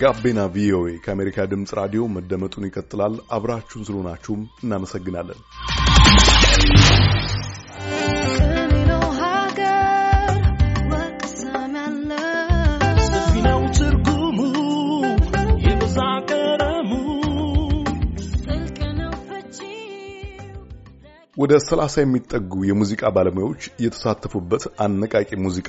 ጋቢና ቪኦኤ ከአሜሪካ ድምፅ ራዲዮ መደመጡን ይቀጥላል። አብራችሁን ስለሆናችሁም እናመሰግናለን። ወደ ሰላሳ የሚጠጉ የሙዚቃ ባለሙያዎች የተሳተፉበት አነቃቂ ሙዚቃ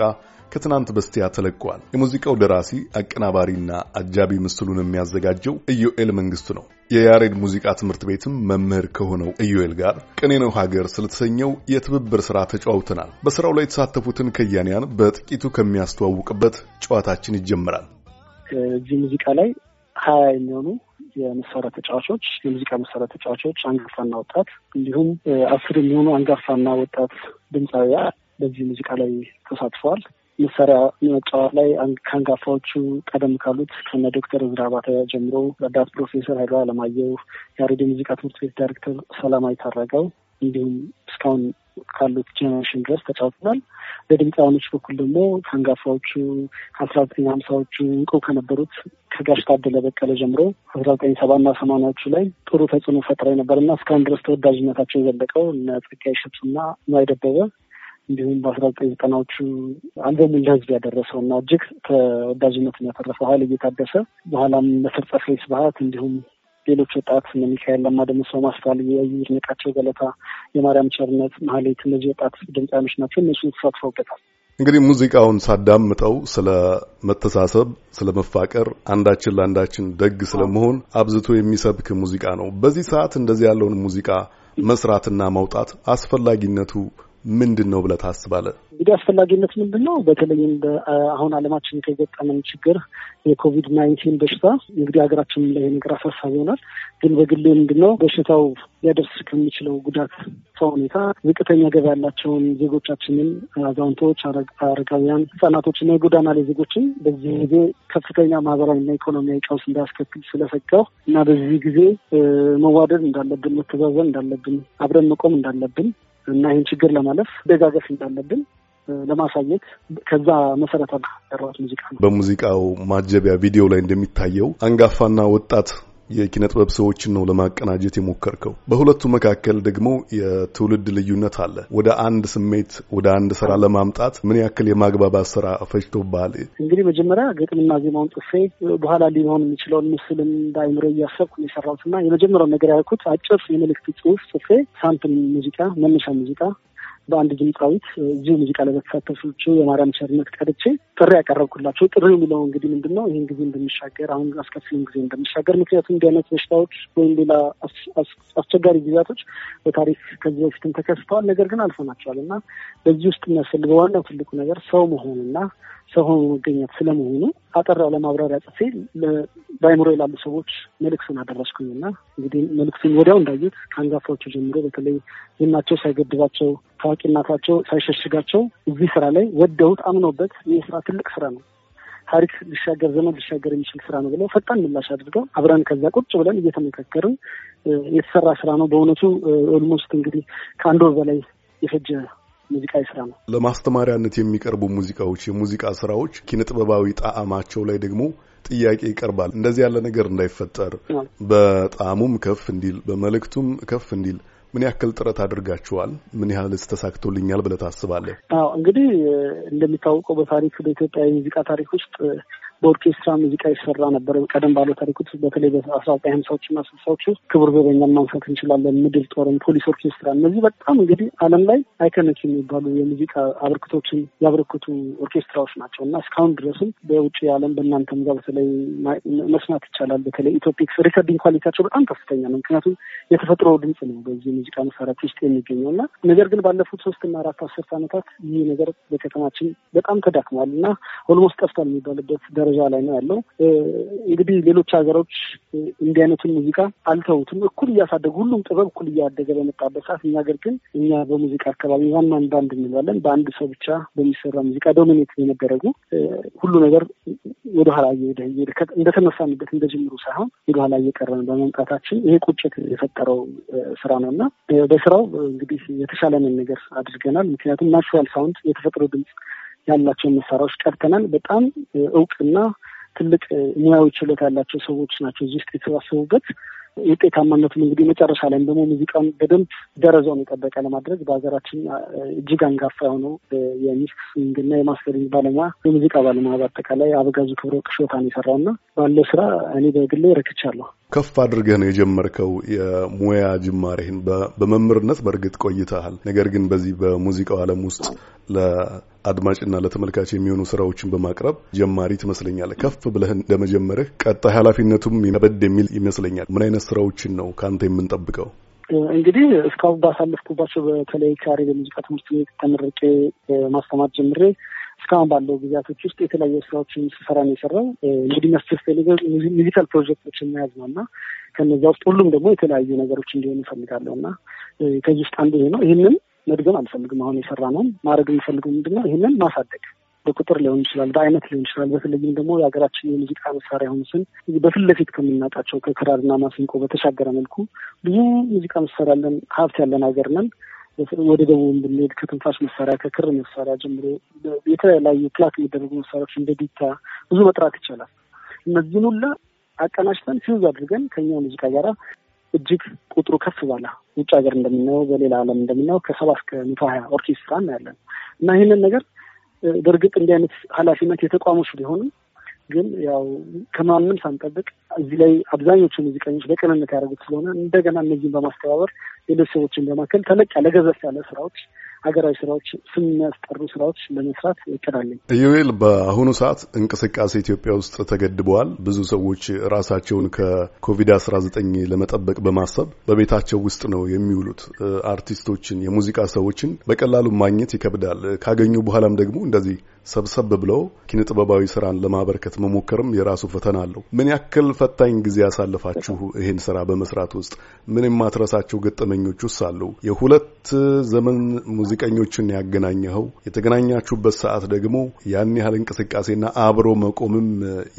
ከትናንት በስቲያ ተለቋል። የሙዚቃው ደራሲ አቀናባሪና አጃቢ ምስሉን የሚያዘጋጀው ኢዮኤል መንግስቱ ነው። የያሬድ ሙዚቃ ትምህርት ቤትም መምህር ከሆነው ኢዮኤል ጋር ቅኔ ነው ሀገር ስለተሰኘው የትብብር ስራ ተጫውተናል። በስራው ላይ የተሳተፉትን ከያንያን በጥቂቱ ከሚያስተዋውቅበት ጨዋታችን ይጀምራል። እዚህ ሙዚቃ ላይ ሀያ የሚሆኑ የመሳሪያ ተጫዋቾች የሙዚቃ መሳሪያ ተጫዋቾች አንጋፋና ወጣት እንዲሁም አስር የሚሆኑ አንጋፋና ወጣት ድምፃዊያ በዚህ ሙዚቃ ላይ ተሳትፈዋል። መሳሪያ መጫወት ላይ ከአንጋፋዎቹ ቀደም ካሉት ከነ ዶክተር እዝራ ባተ ጀምሮ ረዳት ፕሮፌሰር ኃይሉ አለማየሁ፣ የያሬድ ሙዚቃ ትምህርት ቤት ዳይሬክተር ሰላማዊ ታረቀው እንዲሁም እስካሁን ካሉት ጀኔሬሽን ድረስ ተጫውተናል። በድምፃውያኖች በኩል ደግሞ ከአንጋፋዎቹ አስራ ዘጠኝ ሀምሳዎቹ እንቁ ከነበሩት ከጋሽ ታደለ በቀለ ጀምሮ አስራ ዘጠኝ ሰባ እና ሰማኒያዎቹ ላይ ጥሩ ተጽዕኖ ፈጥረው ነበር እና እስካሁን ድረስ ተወዳጅነታቸው የዘለቀው እነ ጸጋዬ ሽብስና ማይደበበ እንዲሁም በአስራ ዘጠኝ ዘጠናዎቹ አልበሙን ለህዝብ ያደረሰው እና እጅግ ተወዳጅነትን ያተረፈው ሀይል እየታደሰ በኋላም መሰርጸ ስብሐት እንዲሁም ሌሎች ወጣት ሚካኤል ለማ፣ ደመሰው ማስተዋል፣ ይድነቃቸው ገለታ፣ የማርያም ቸርነት፣ ማህሌት እነዚህ ወጣት ድምፃያኖች ናቸው። እነሱ ተሳትፈውበታል። እንግዲህ ሙዚቃውን ሳዳምጠው ስለ መተሳሰብ፣ ስለ መፋቀር፣ አንዳችን ለአንዳችን ደግ ስለመሆን አብዝቶ የሚሰብክ ሙዚቃ ነው። በዚህ ሰዓት እንደዚህ ያለውን ሙዚቃ መስራትና ማውጣት አስፈላጊነቱ ምንድን ነው ብለህ ታስባለህ? እንግዲህ አስፈላጊነት ምንድን ነው? በተለይም አሁን አለማችን ከገጠመን ችግር የኮቪድ ናይንቲን በሽታ እንግዲህ ሀገራችን ላይ ነገር አሳሳቢ ይሆናል። ግን በግሌ ምንድን ነው በሽታው ሊያደርስ ከሚችለው ጉዳት ሰው ሁኔታ ዝቅተኛ ገቢ ያላቸውን ዜጎቻችንን፣ አዛውንቶች፣ አረጋውያን፣ እና የጎዳና ላይ ዜጎችን በዚህ ጊዜ ከፍተኛ ማህበራዊና ኢኮኖሚያዊ ቀውስ እንዳያስከትል ስለሰጋው እና በዚህ ጊዜ መዋደድ እንዳለብን፣ መተዛዘን እንዳለብን፣ አብረን መቆም እንዳለብን እና ይህን ችግር ለማለፍ ደጋገፍ እንዳለብን ለማሳየት ከዛ መሰረታ ያሯት ሙዚቃ ነው። በሙዚቃው ማጀቢያ ቪዲዮ ላይ እንደሚታየው አንጋፋና ወጣት የኪነ ጥበብ ሰዎችን ነው ለማቀናጀት የሞከርከው። በሁለቱ መካከል ደግሞ የትውልድ ልዩነት አለ። ወደ አንድ ስሜት ወደ አንድ ስራ ለማምጣት ምን ያክል የማግባባት ስራ ፈጅቶብሃል? እንግዲህ መጀመሪያ ግጥምና ዜማውን ጽፌ በኋላ ሊሆን የሚችለውን ምስል እንዳይምሮ እያሰብኩ የሰራሁትና የመጀመሪያው ነገር ያልኩት አጭር የመልእክት ጽሁፍ ጽፌ ሳምፕል ሙዚቃ መነሻ ሙዚቃ በአንድ ድምፃዊት እዚሁ ሙዚቃ ላይ በተሳተፉች የማርያም ቸርነት ቀድቼ ጥሪ ያቀረብኩላቸው። ጥሪ የሚለው እንግዲህ ምንድን ነው? ይህን ጊዜ እንደሚሻገር አሁን አስከፊውን ጊዜ እንደሚሻገር፣ ምክንያቱም እንዲህ አይነት በሽታዎች ወይም ሌላ አስቸጋሪ ጊዜያቶች በታሪክ ከዚህ በፊትም ተከስተዋል፣ ነገር ግን አልፈናቸዋል እና በዚህ ውስጥ የሚያስፈልገው ዋናው ትልቁ ነገር ሰው መሆንና ሰው ሆኖ መገኘት ስለመሆኑ አጠር ያለ ማብራሪያ ጽፌ በአይምሮ ላሉ ሰዎች መልእክቱን አደረስኩኝ እና እንግዲህ መልእክቱን ወዲያው እንዳዩት ከአንጋፋዎቹ ጀምሮ በተለይ ዝናቸው ሳይገድባቸው ታዋቂነታቸው ሳይሸሽጋቸው እዚህ ስራ ላይ ወደውት አምኖበት ይህ ስራ ትልቅ ስራ ነው ታሪክ ሊሻገር ዘመን ሊሻገር የሚችል ስራ ነው ብለው ፈጣን ምላሽ አድርገው አብረን ከዛ ቁጭ ብለን እየተመካከርን የተሰራ ስራ ነው። በእውነቱ ኦልሞስት እንግዲህ ከአንድ ወር በላይ የፈጀ ሙዚቃዊ ስራ ነው። ለማስተማሪያነት የሚቀርቡ ሙዚቃዎች፣ የሙዚቃ ስራዎች ኪነጥበባዊ ጣዕማቸው ላይ ደግሞ ጥያቄ ይቀርባል። እንደዚህ ያለ ነገር እንዳይፈጠር በጣዕሙም ከፍ እንዲል፣ በመልእክቱም ከፍ እንዲል ምን ያክል ጥረት አድርጋችኋል? ምን ያህል ተሳክቶልኛል ብለህ ታስባለህ? አዎ እንግዲህ እንደሚታወቀው በታሪክ በኢትዮጵያ የሙዚቃ ታሪክ ውስጥ በኦርኬስትራ ሙዚቃ ይሰራ ነበር። ቀደም ባለው ውስጥ በተለይ በአስራ ዘጠኝ እና ስልሳዎች ውስጥ ክቡር ዘበኛን ማንሳት እንችላለን። ምድር ጦርን፣ ፖሊስ ኦርኬስትራ፣ እነዚህ በጣም እንግዲህ ዓለም ላይ አይከኖች የሚባሉ የሙዚቃ አበርክቶችን ያበረክቱ ኦርኬስትራዎች ናቸው እና እስካሁን ድረስም በውጭ ዓለም በእናንተም ጋር በተለይ መስማት ይቻላል። በተለይ ኢትዮፒክስ ሪከርዲንግ ኳሊቲያቸው በጣም ከፍተኛ ነው። ምክንያቱም የተፈጥሮ ድምፅ ነው በዚህ ሙዚቃ መሳሪያዎች ውስጥ የሚገኘው እና ነገር ግን ባለፉት ሶስት እና አራት አስርት ዓመታት ይህ ነገር በከተማችን በጣም ተዳክሟል እና ኦልሞስት ጠፍቷል የሚባልበት ደረጃ ላይ ነው ያለው። እንግዲህ ሌሎች ሀገሮች እንዲህ አይነቱን ሙዚቃ አልተውትም። እኩል እያሳደጉ ሁሉም ጥበብ እኩል እያደገ በመጣበት ሰዓት እኛ ሀገር ግን እኛ በሙዚቃ አካባቢ ዋና ባንድ እንለዋለን በአንድ ሰው ብቻ በሚሰራ ሙዚቃ ዶሚኔት የመደረጉ ሁሉ ነገር ወደኋላ እየሄደ እንደተነሳንበት እንደ ጅምሩ ሳይሆን ወደኋላ እየቀረን በመምጣታችን ይሄ ቁጭት የፈጠረው ስራ ነው እና በስራው እንግዲህ የተሻለንን ነገር አድርገናል። ምክንያቱም ናቹራል ሳውንድ የተፈጥሮ ድምፅ ያላቸውን መሳሪያዎች ቀርተናል። በጣም እውቅና ትልቅ ሙያዊ ችሎታ ያላቸው ሰዎች ናቸው እዚህ ውስጥ የተሰባሰቡበት። ውጤታማነቱም እንግዲህ መጨረሻ ላይም ደግሞ ሙዚቃን በደንብ ደረጃውን የጠበቀ ለማድረግ በሀገራችን እጅግ አንጋፋ የሆነው የሚክሲንግ እና የማስተሪንግ ባለሙያ የሙዚቃ ባለሙያ በአጠቃላይ አበጋዙ ክብረ ቅሾታን የሰራው እና ባለው ስራ እኔ በግሌ ረክቻለሁ። ከፍ አድርገህ ነው የጀመርከው የሙያ ጅማሬህን። በመምህርነት በእርግጥ ቆይተሃል። ነገር ግን በዚህ በሙዚቃው ዓለም ውስጥ ለአድማጭና ለተመልካች የሚሆኑ ስራዎችን በማቅረብ ጀማሪ ትመስለኛለህ። ከፍ ብለህ እንደመጀመርህ ቀጣይ ኃላፊነቱም ከበድ የሚል ይመስለኛል። ምን አይነት ስራዎችን ነው ከአንተ የምንጠብቀው? እንግዲህ እስካሁን ባሳለፍኩባቸው በተለይ ካሬ በሙዚቃ ትምህርት ቤት ተመርቄ ማስተማር ጀምሬ እስካሁን ባለው ጊዜያቶች ውስጥ የተለያዩ ስራዎችን ስሰራ ነው የሰራው። እንግዲህ መስፍ ሙዚካል ፕሮጀክቶችን መያዝ ነው እና ከነዚያ ውስጥ ሁሉም ደግሞ የተለያዩ ነገሮች እንዲሆኑ እፈልጋለሁ እና ከዚህ ውስጥ አንዱ ይሄ ነው። ይህንን መድገም አልፈልግም። አሁን የሰራ ነው ማድረግ የምፈልገው ምንድነው ይህንን ማሳደግ በቁጥር ሊሆን ይችላል፣ በአይነት ሊሆን ይችላል። በተለይም ደግሞ የሀገራችን የሙዚቃ መሳሪያ ሆኑ ስን በፊት ለፊት ከምናጣቸው ከክራርና ማሲንቆ በተሻገረ መልኩ ብዙ ሙዚቃ መሳሪያ ሀብት ያለን ሀገር ነን። ወደ ደቡብ ብንሄድ ከትንፋሽ መሳሪያ ከክር መሳሪያ ጀምሮ የተለያዩ ፕላክ የሚደረጉ መሳሪያዎች እንደ ዲታ ብዙ መጥራት ይቻላል። እነዚህን ሁላ አቀናጅተን ፊውዝ አድርገን ከኛ ሙዚቃ ጋራ እጅግ ቁጥሩ ከፍ ባለ ውጭ ሀገር እንደምናየው በሌላ ዓለም እንደምናየው ከሰባ እስከ መቶ ሀያ ኦርኬስትራ እናያለን እና ይህንን ነገር በእርግጥ እንዲህ አይነት ኃላፊነት የተቋሞች ቢሆንም ግን ያው ከማንም ሳንጠብቅ እዚህ ላይ አብዛኞቹ ሙዚቀኞች በቅንነት ያደረጉት ስለሆነ እንደገና እነዚህን በማስተባበር ሌሎች ሰዎችን በማከል ተለቅ ያለ ገዘፍ ያለ ስራዎች ሀገራዊ ስራዎች ስም የሚያስጠሩ ስራዎች ለመስራት እቅዳለኝ። ኢዩኤል፣ በአሁኑ ሰዓት እንቅስቃሴ ኢትዮጵያ ውስጥ ተገድበዋል። ብዙ ሰዎች ራሳቸውን ከኮቪድ አስራ ዘጠኝ ለመጠበቅ በማሰብ በቤታቸው ውስጥ ነው የሚውሉት። አርቲስቶችን፣ የሙዚቃ ሰዎችን በቀላሉ ማግኘት ይከብዳል። ካገኙ በኋላም ደግሞ እንደዚህ ሰብሰብ ብለው ኪነጥበባዊ ስራን ለማበርከት መሞከርም የራሱ ፈተና አለው። ምን ያክል ፈታኝ ጊዜ ያሳልፋችሁ ይህን ስራ በመስራት ውስጥ ምን የማትረሳቸው ገጠመኞች ውስጥ አሉ? የሁለት ዘመን ሙዚቀኞችን ያገናኘኸው የተገናኛችሁበት ሰዓት ደግሞ ያን ያህል እንቅስቃሴና አብሮ መቆምም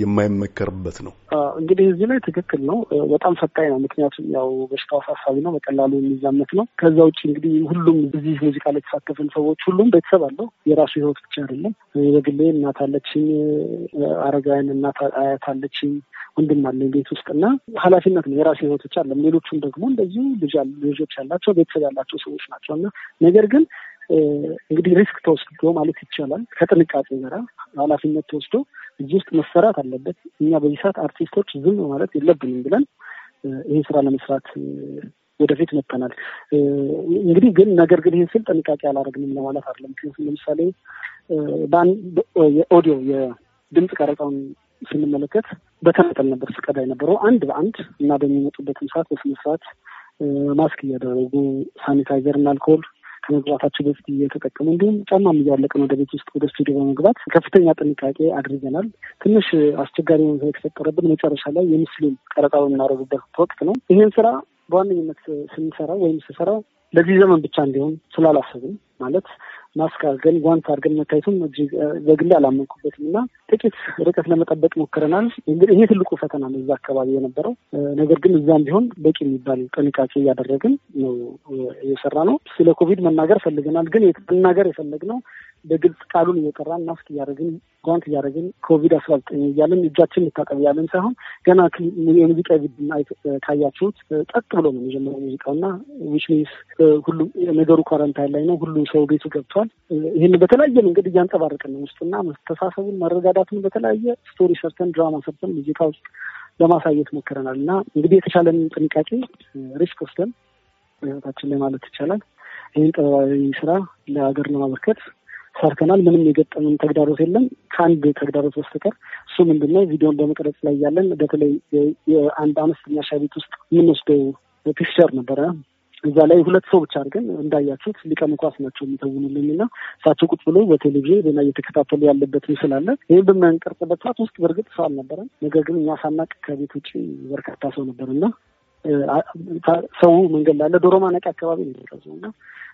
የማይመከርበት ነው። እንግዲህ እዚህ ላይ ትክክል ነው። በጣም ፈታኝ ነው። ምክንያቱም ያው በሽታው አሳሳቢ ነው፣ በቀላሉ የሚዛመት ነው። ከዛ ውጭ እንግዲህ ሁሉም በዚህ ሙዚቃ ላይ የተሳተፍን ሰዎች ሁሉም ቤተሰብ አለው። የራሱ ህይወት ብቻ አይደለም። በግሌ እናት አለችኝ፣ አረጋውያን እናት አያት አለችኝ፣ ወንድም አለኝ ቤት ውስጥ እና ኃላፊነት ነው። የራሱ ህይወት ብቻ አለም። ሌሎቹም ደግሞ እንደዚሁ ልጆች ያላቸው ቤተሰብ ያላቸው ሰዎች ናቸው እና ነገር ግን እንግዲህ ሪስክ ተወስዶ ማለት ይቻላል ከጥንቃቄ ጋር ኃላፊነት ተወስዶ እዚህ ውስጥ መሰራት አለበት። እኛ በዚህ ሰዓት አርቲስቶች ዝም ማለት የለብንም ብለን ይህን ስራ ለመስራት ወደፊት መጥተናል። እንግዲህ ግን ነገር ግን ይህን ስል ጥንቃቄ አላደረግንም ለማለት አለ። ምክንያቱም ለምሳሌ የኦዲዮ የድምፅ ቀረጻውን ስንመለከት በተናጠል ነበር ፍቀድ የነበረው አንድ በአንድ እና በሚመጡበትም ሰዓት በስነ ስርዓት ማስክ እያደረጉ ሳኒታይዘር እና አልኮል ከመግባታቸው በፊት እየተጠቀሙ እንዲሁም ጫማም እያለቀን ወደ ቤት ውስጥ ወደ ስቱዲዮ በመግባት ከፍተኛ ጥንቃቄ አድርገናል። ትንሽ አስቸጋሪ ሁኔታ የተፈጠረብን መጨረሻ ላይ የምስሉን ቀረጻ በምናደርግበት ወቅት ነው። ይህን ስራ በዋነኝነት ስንሰራው ወይም ስሰራው ለዚህ ዘመን ብቻ እንዲሆን ስላላሰብም ማለት ማስክ አድርገን ጓንት አድርገን መታየቱም እጅግ በግል አላመንኩበትም እና ጥቂት ርቀት ለመጠበቅ ሞክረናል። እንግዲህ ይሄ ትልቁ ፈተና ነው እዛ አካባቢ የነበረው ነገር ግን እዛም ቢሆን በቂ የሚባል ጥንቃቄ እያደረግን ነው እየሰራ ነው። ስለ ኮቪድ መናገር ፈልገናል፣ ግን መናገር የፈለግነው በግልጽ ቃሉን እየጠራን ማስክ እያደረግን ጓንት እያደረግን ኮቪድ አስራ ዘጠኝ እያለን እጃችን እንታጠብ እያለን ሳይሆን ገና የሙዚቃ ቪድና ካያችሁት ጠጥ ብሎ ነው የጀመረው ሙዚቃው እና ዊች ሚንስ ሁሉ ነገሩ ኳረንታይን ላይ ነው። ሁሉም ሰው ቤቱ ገብቷል። ይህን በተለያየ መንገድ እያንጸባረቅን ነው ውስጥና መተሳሰቡን መረዳዳቱን በተለያየ ስቶሪ ሰርተን ድራማ ሰርተን ሙዚቃ ውስጥ ለማሳየት ሞክረናል እና እንግዲህ የተቻለን ጥንቃቄ ሪስክ ወስደን በህይወታችን ላይ ማለት ይቻላል ይህን ጥበባዊ ስራ ለሀገር ለማበርከት ሰርተናል። ምንም የገጠምን ተግዳሮት የለም ከአንድ ተግዳሮት በስተቀር። እሱ ምንድነው? ቪዲዮን በመቅረጽ ላይ ያለን በተለይ የአንድ አነስተኛ ሻይ ቤት ውስጥ የምንወስደው ፒክቸር ነበረ። እዛ ላይ ሁለት ሰው ብቻ አድርገን እንዳያችሁት ሊቀን ኳስ ናቸው የሚተውኑልን እና እሳቸው ቁጭ ብሎ በቴሌቪዥን ዜና እየተከታተሉ ያለበት ምስል አለ። ይህም በምንቀርጽበት ሰዓት ውስጥ በእርግጥ ሰው አልነበረም። ነገር ግን እኛ ሳናቅ ከቤት ውጭ በርካታ ሰው ነበር እና ሰው መንገድ ላለ ዶሮ ማነቂ አካባቢ ነው የሚቀርጸው እና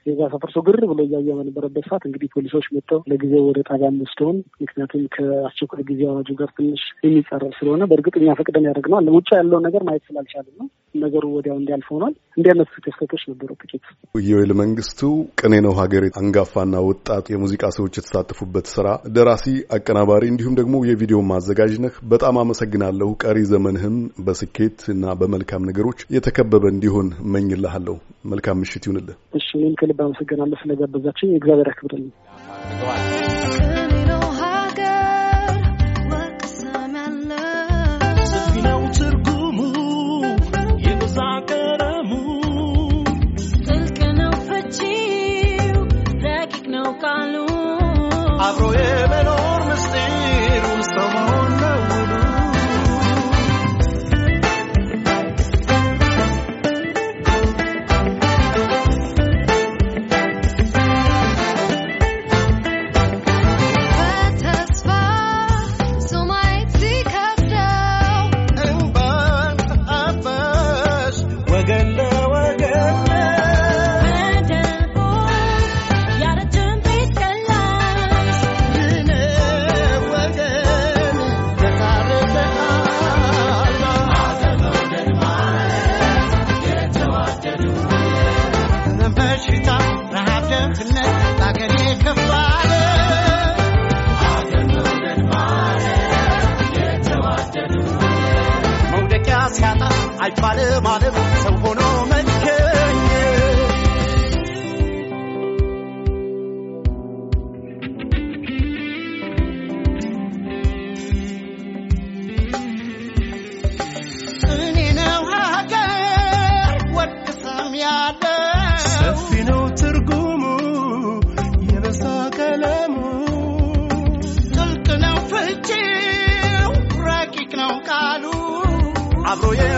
የዛ ሰፈር ሰው ግር ብሎ እያየ በነበረበት ሰዓት እንግዲህ ፖሊሶች መጥተው ለጊዜው ወደ ጣቢያ ወስደውን፣ ምክንያቱም ከአስቸኳይ ጊዜ አዋጁ ጋር ትንሽ የሚጻረር ስለሆነ በእርግጥ እኛ ፈቅደን ያደርግነዋል ውጭ ያለውን ነገር ማየት ስላልቻልን ነው። ነገሩ ወዲያው እንዲያልፍ ሆኗል። እንዲያነሱ አይነት ክስተቶች ነበሩ ጥቂት። የወይል መንግስቱ ቅኔ ነው ሀገሬ አንጋፋና ወጣት የሙዚቃ ሰዎች የተሳተፉበት ስራ ደራሲ፣ አቀናባሪ እንዲሁም ደግሞ የቪዲዮ ማዘጋጅ ነህ። በጣም አመሰግናለሁ። ቀሪ ዘመንህም በስኬት እና በመልካም ነገሮች የተከበበ እንዲሆን መኝልሃለሁ። መልካም ምሽት ይሁንልህ። እሺ ምን ከልብ አመሰግናለሁ ስለጋበዛችን። የእግዚአብሔር ያክብርልን። ሰው ሆኖ መገኘት እኔ ነው ሀገር ወርቅ ሰም ያለው ሰፊ ነው ትርጉሙ የበሳ ቀለሙ ጥልቅ ነው ፍቺው ረቂቅ ነው ቃሉ አብሮ